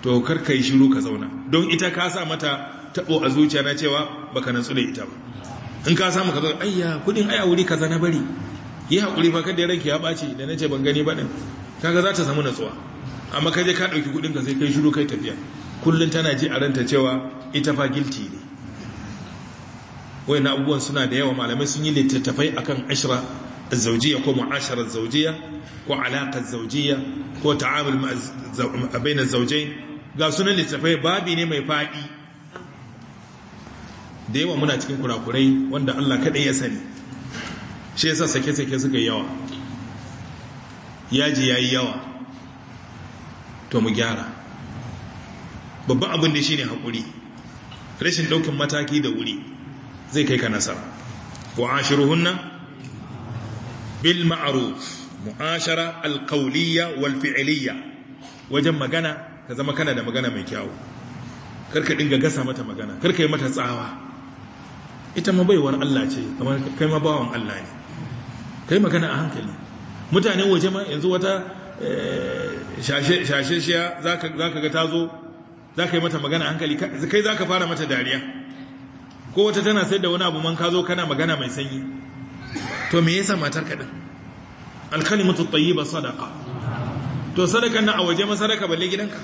to kar ka yi shiru ka zauna don ita ka sa mata tabo a zuciya na cewa baka nan da ita ba in ka samu ka zo ayya kudin aya wuri kaza na bari yi hakuri fa kada ranki ya baci da nace ban gani ba din kaga za ta samu natsuwa amma ka je ka dauki kudin ka sai kai shiru kai tafiya kullun tana ji a ranta cewa ita fa guilty ne na abubuwan suna da yawa malamai sun yi littattafai akan ashra mu'ashara كو ko alaqa كو ko ta'amul ma'a تعامل zawjayn Ga sunan سنة babi ne mai fadi da yawa muna cikin kurakurai wanda Allah kaɗai ya sani shi yasa sake-sake suka yawa yaji ya yi yawa to mu gyara babban abin da shi ne haƙuri rashin ɗaukin mataki da wuri zai kai ka nasara wa ashiruhunna bil ma'aruf mu'ashara alƙauliya wal fi'iliya wajen magana ka zama kana da magana mai kyawu karka dinga gasa mata magana karka yi mata tsawa ita ma Allah ce kamar kai mabawan Allah ne kai magana a hankali mutane waje ma yanzu wata eh, shashe shiya za ka ga ta zo za ka yi mata magana a hankali kai za ka fara mata dariya ko wata tana sai da wani abu man ka zo kana magana mai sanyi to me yasa matar kaɗan, kaɗin alkalimatu tayyiba sadaka to sadakan na a waje ma sadaka balle gidanka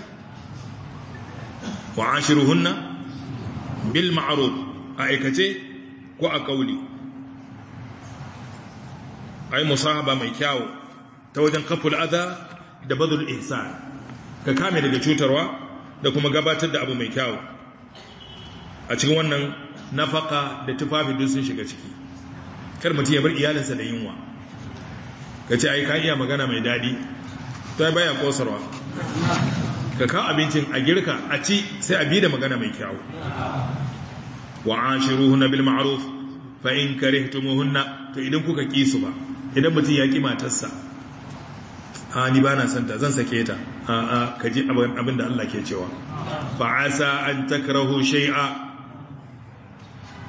wa ashiruhunna bil ma'ruf a aikace ko a kauli ai musahaba mai kyawu ta wajen kaful adha da badul ihsan ka kame daga cutarwa da kuma gabatar da abu mai kyawu a cikin wannan nafaka da tufafi duk sun shiga ciki kar mutum ya bar iyalinsa da yunwa ka ce ai ka iya magana mai daɗi ta baya kosarwa ka kawo abincin a girka a ci sai a bi da magana mai kyau. wa'ashiruhunna bil ma'ruf fa in karihtumuhunna to idan kuka kisu ba idan mutum ya ki matarsa a ni bana son ta zan sake ta a a kaji abin da Allah ke cewa fa asa an takrahu shay'a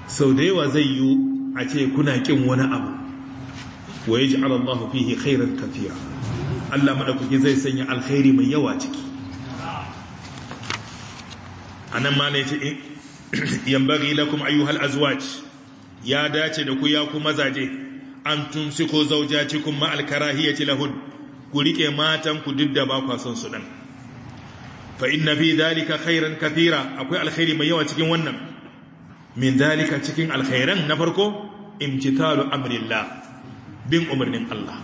sau da yawa zai yi a ce kuna kin wani abu wa yaj'al Allahu fihi khairan kathira Allah madaukaki zai sanya alkhairi mai yawa ciki anan ma ne ce yambari lakum ayyuhal azwaj ya dace da ku ya ku mazaje an cikin zawjacikum ma alkarahiyati lahun ku rike matan ku duk ba ku son su dan fa inna fi dhalika khairan kathira akwai alkhairi mai yawa cikin wannan min dhalika cikin alkhairan na farko imtitalu amrillah bin umarnin Allah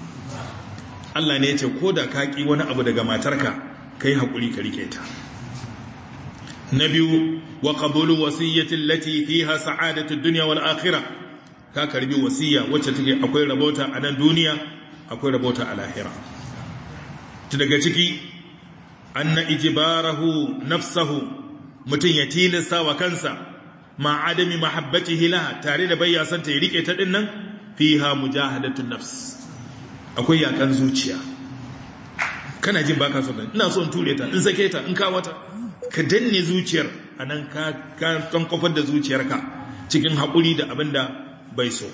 Allah ne ya ce ko da ka ki wani abu daga matarka kai hakuri ka rike ta na biyu wa qabulu wasiyyati allati fiha sa'adatu duniya wal akhira ka karbi wasiyya wacce take akwai rabota a nan duniya akwai rabota a lahira ta daga ciki anna ijbarahu nafsahu mutun ya tilasta wa kansa ma adami mahabbatihi la tare da san ta rike ta dinnan fiha mujahadatun nafs akwai yakan zuciya kana jin baka so ina so in ture ta in sake ta in kawata ka danne zuciyar a nan ka kofar da zuciyarka cikin haƙuri da abin da bai so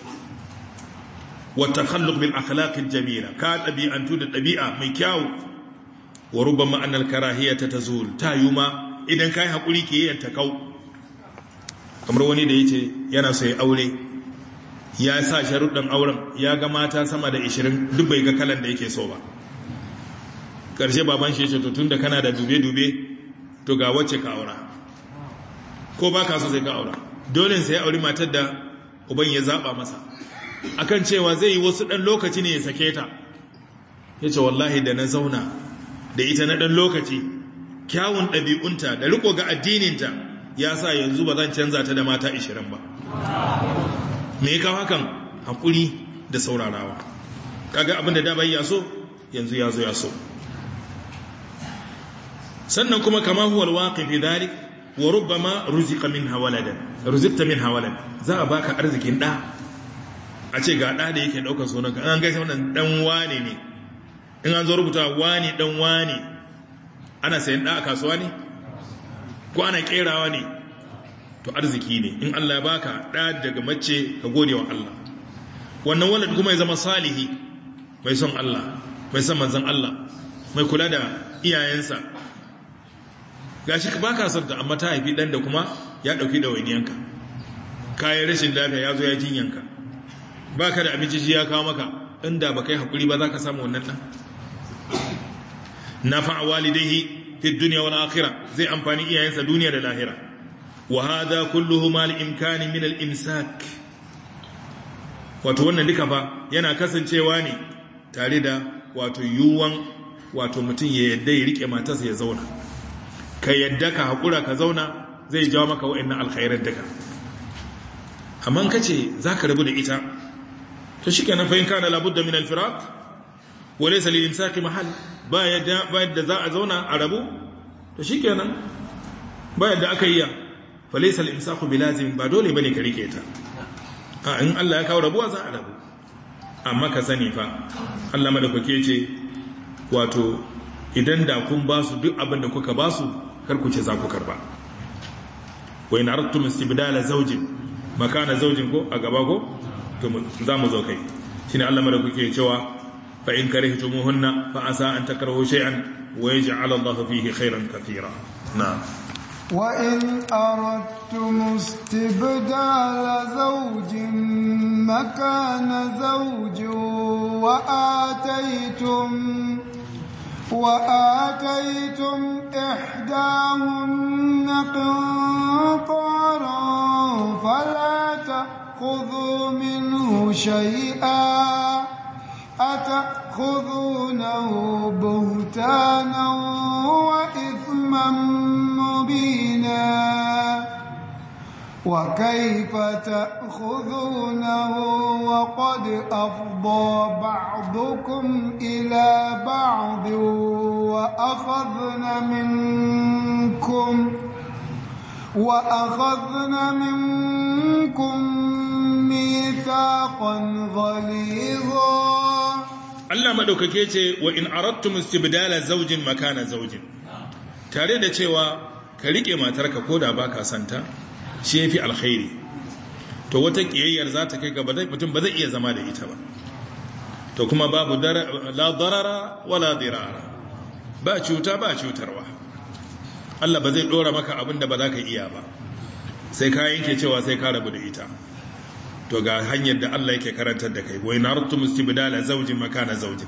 wata kallon bil akhlaqil jamila ka ɗabi'antu da ɗabi'a mai kyawu wa rubama ma'anar karahiyata tazul ta ma idan kai haƙuri ke yin takau kamar wani da yace yana sai aure ya sa sharuɗin auren ya ga mata sama da 20 duk bai ga kalan da yake so ba Karshe baban shi ya ce to tunda kana da dube-dube to ga wacce ka aura ko ba ka so sai ka aura dole sai ya auri matar da uban ya zaba masa akan cewa zai yi wasu dan lokaci ne ya sake ta yace wallahi da na zauna da ita na dan lokaci kyawun ɗabi'unta da riko ga addininta ya sa yanzu ba zan canza ta da mata 20 ba me ka hakan hakuri da saurarawa kaga abin da da bai ya so yanzu ya zo ya so sannan kuma kama huwa alwaqi fi dhalik wa rubbama ruziqa minha waladan ruzqta minha walad za a baka arzikin da a ce ga da da yake daukar sunan ka an gaisa wannan dan wane ne in an zo rubuta wane dan wane ana sayan da a kasuwa ne ko ana kerawa ne to arziki ne in Allah ya baka da daga mace ka gode wa Allah wannan walad kuma ya zama salihi mai son Allah mai son manzon Allah mai kula da iyayensa gashi ba ka sarta amma ta haifi ɗan da kuma ya dauki ɗawainiyanka kayan rashin lafiya ya zo ya jinyanka ba ka da abinci shi ya kawo maka inda ba kai hakuri ba za ka samu wannan ɗan na fa'a walidaihi fi duniya wani akira zai amfani iyayensa duniya da lahira wa hada kullu mal imkani min imsak wato wannan duka fa yana kasancewa ne tare da wato yiwuwan wato mutum ya yadda ya rike matarsa ya zauna ka yadda ka haƙura ka zauna zai jawo maka wa'annan alkhairar daga amma ka ce za ka rabu da ita to shi kenan fahimka da labudda min alfirat wale salilin saki mahal ba yadda za a zauna a rabu to shi kenan ba yadda aka yi ya falaisa al'imsaku bilazin ba dole ba ne ka rike ta a in Allah ya kawo rabuwa za a rabu amma ka sani fa Allah madaukake ce wato idan da kun ba su duk abin da kuka ba su karku ce za ku karba wa in aradtum istibdala zawjin makana zawjin ko a gaba ko to za mu zo kai shine Allah mara kuke cewa fa in karihtumuhunna fa asa an takrahu shay'an wa yaj'al Allahu fihi khairan katira na'am وإن أردتم استبدال makana مكان wa ataytum وآتيتم إحداهن قنطارا فلا تأخذوا منه شيئا أتأخذونه بهتانا وإثما مبينا وكيف تأخذونه وقد أفضى بعضكم إلى بعض وأخذنا منكم وأخذنا منكم ميثاقا غليظا Allah maɗaukake ce wa in arattum istibdala zaujin makana zaujin tare da cewa ka rike matarka ko da baka santa shi ya fi alkhairi to wata ƙiyayyar za ta kai gaba mutum ba zai iya zama da ita ba to kuma babu la wa wala ba cuta ba cutarwa Allah ba zai ɗora maka abin da ba za ka iya ba sai ka yanke cewa sai ka rabu da ita to ga hanyar da Allah yake karantar da kai wai na rutu mustibdala zaujin makana zaujin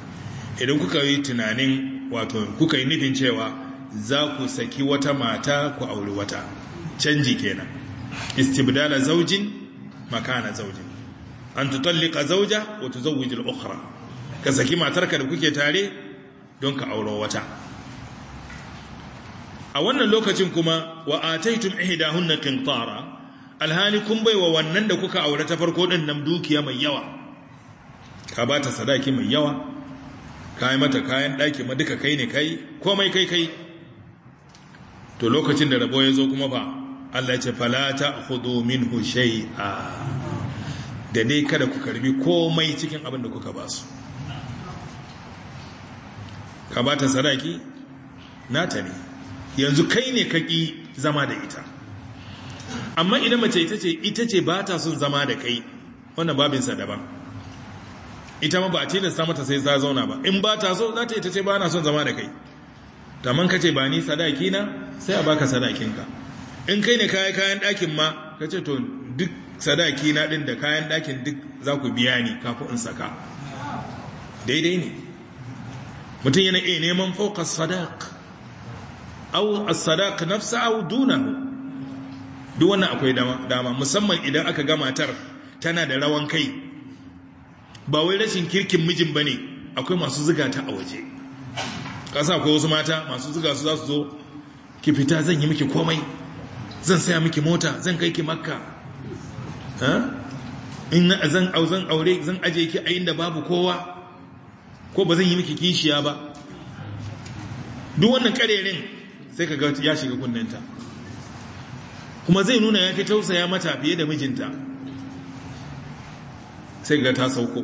idan kuka yi tunanin wato kuka yi nufin cewa za ku saki wata mata ku auri wata canji kenan istibdala zaujin makana zaujin an tutallika zauja wa tuzawwij al-ukhra ka saki matarka da kuke tare don ka auro wata a wannan lokacin kuma wa ataytum ihdahunna qintara alhali kun baiwa wannan da kuka aure ta farko din nan dukiya mai yawa ka bata sadaki mai yawa kai mata kayan daki ma duka kai ne kai komai kai kai to lokacin da rabo ya zo kuma ba Allah ce falata hudu min hushai a da dai kada ku karbi komai cikin abin da kuka ba su ka ba ta sadaki ta ne yanzu kai ne kaki zama da ita amma idan mace ita ce ita ce ba ta sun zama da kai wannan babinsa daban ita ma ba a tilasta mata sai za zauna ba in ba ta so za ta ita ce ba na son zama da kai taman ka ce ba ni sadaki na sai a baka sadakinka in kai ne kayan kayan ɗakin ma ka ce to duk sadaki na ɗin da kayan ɗakin duk za ku biya ni kafin in saka daidai ne mutum yana iya neman fokas sadak au sadak nafsa au duna duk wannan akwai dama musamman idan aka ga matar tana da rawan kai ba wai rashin kirkin mijin ba ne akwai masu zuga ta a waje ƙasa akwai wasu mata masu zuga su za su zo ki fita zan yi miki komai zan saya miki mota zan kai ki makka in zan zan aure zan aje ki a inda babu kowa ko ba zan yi miki kishiya ba duk wannan karerin sai ka ga ya shiga kunnenta kuma zai nuna ya fi tausaya mata fiye da mijinta sai ga ta sauko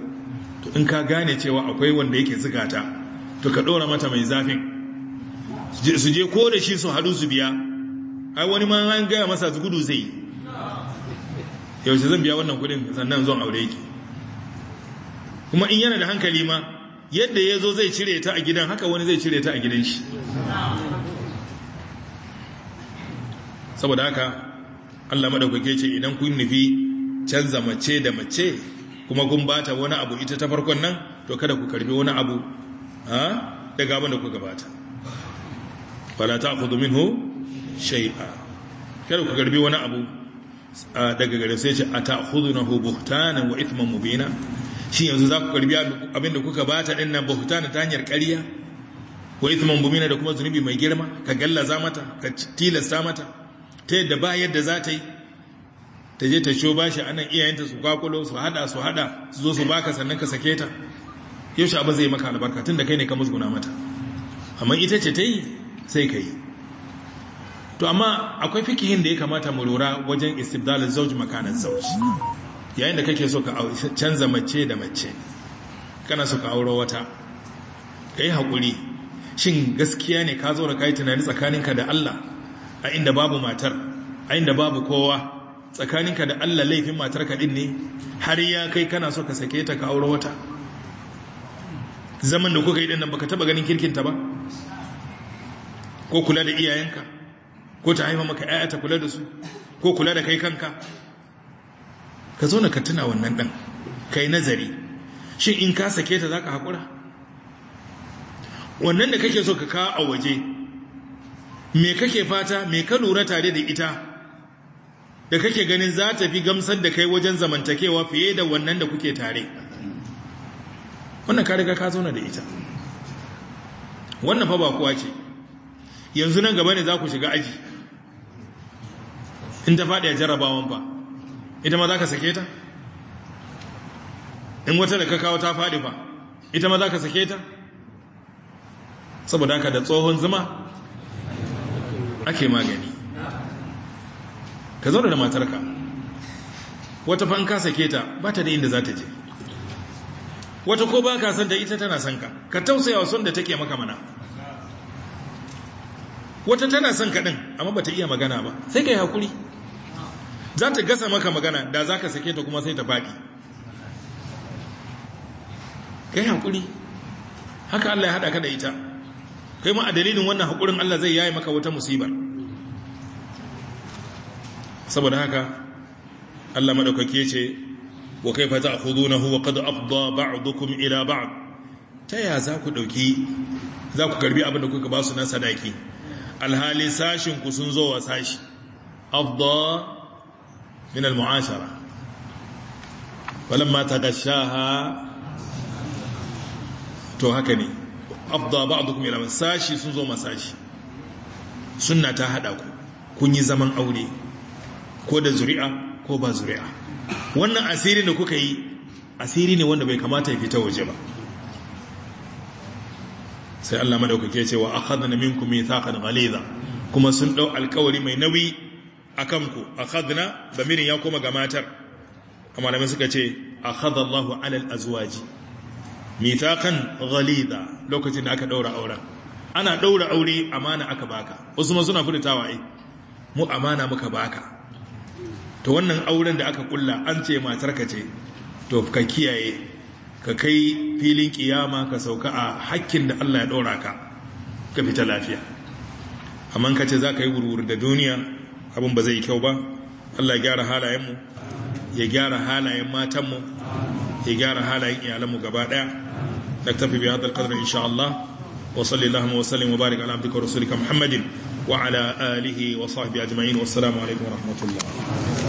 to in ka gane cewa akwai wanda yake zigata to ka ɗora mata mai zafin su je ko da shi su haɗu su biya ai wani ma an gaya masa su gudu zai yaushe zan biya wannan kudin sannan zuwan aure yake kuma in yana da hankali ma yadda ya zo zai cire ta a gidan haka wani zai cire ta a gidan shi saboda haka allah maɗaukake ce idan kun nufi canza mace da mace kuma kun bata wani abu ita ta farkon nan to kada ku karbi wani abu ah, daga abin da ku gabata fala ta ku hu shay'a kada ku garbi wani abu daga gare sai ce a ta na buhtanan wa ifman mubina shi yanzu za ku karbi abinda kuka bata din nan buhtanan ta hanyar karya? wa ifman mubina da kuma zunubi mai girma ka gallaza mata ka tilasta mata ta yadda ba yadda za ta yi ta je ta sho bashi anan iyayenta su kwakulo su hada su hada su zo su baka sannan ka sake ta yau shi abu zai maka albarka tun da kai ne ka musguna mata amma ita ce ta yi sai ka yi to amma akwai fikihin da ya kamata mu lura wajen istibdalin zauji makanan zauji yayin da kake so ka canza mace da mace kana so ka auro wata ka yi haƙuri shin gaskiya ne ka zo da kayi tunani tsakaninka da Allah a inda babu matar a inda babu kowa tsakaninka da Allah laifin matar ka din ne har ya kai kana so ka sake ta ka auro wata zaman da kuka yi din nan baka taba ganin ta ba ko kula da iyayenka ko ta haifa maka ‘ya'ya ta kula da su ko kula da kai kanka ka zo na ka tuna wannan ɗan ka yi nazari Shin in ka sake ta za ka haƙura wannan da kake so ka kawo a waje me kake fata me ka lura tare da ita da kake ganin za ta fi gamsar da kai wajen zamantakewa fiye da wannan da kuke tare wannan ka riga ka zauna da ita wannan fa ba kuwa ce yanzu nan gaba ne za ku shiga aji in ta faɗi a jarabawan ba ita ma za ka sake ta in wata da ka kawo ta faɗi ba ita ma za ka sake ta saboda ka da tsohon zama ake magani ka zaune da matarka wata fanka ka sake ta ba ta da inda za ta je wata ko ba ka san da ita tana sanka, ka ka tausaya wa son da take maka mana wata tana son kaɗin amma ba ta iya magana ba sai ka yi haƙuri za ta gasa maka magana da za ka sake ta kuma sai ta faɗi ka yi haƙuri haka Allah ya haɗa ka da ita kai ma a dalilin wannan haƙurin Allah zai yayi maka wata musibar saboda haka Allah maɗaukake ce wa kai fa ta akhudunahu wa qad afda ba'dukum ila ba ta ya za ku ɗauki za ku karbi abin da kuka ba su na sadaki alhali sashinku sun zo wa sashi afda min almu'ashara walamma tagashaha to haka ne afda ba'dukum ila sashi sun zo masashi sunna ta hada ku kun yi zaman aure ko da zuri'a ko ba zuri'a wannan asiri ne kuka yi asiri ne wanda bai kamata ya fita waje ba sai Allah madaukake ce wa akhadna minkum mithaqan ghaliza kuma sun dau alkawari mai nauyi akan ku akhadna bamirin ya koma ga matar amma da suka ce akhadha Allahu alal azwaji mithaqan ghaliza lokacin da aka daura auren ana daura aure amana aka baka wasu ma suna furtawa ai eh, mu amana muka baka to wannan auren da aka kulla an ce matarka ce to ka kiyaye ka kai filin kiyama ka sauka a hakkin da Allah ya ɗora ka ka fita lafiya amma ka ce za ka yi wurwuri da duniya abin ba zai kyau ba Allah ya gyara halayenmu ya gyara halayen matanmu ya gyara halayen iyalanmu gaba ɗaya da tafi biya da kadar insha Allah wa sallallahu wa sallim wa barik ala abdika rasulika Muhammadin wa ala alihi wa sahbihi ajma'in wassalamu alaikum wa rahmatullah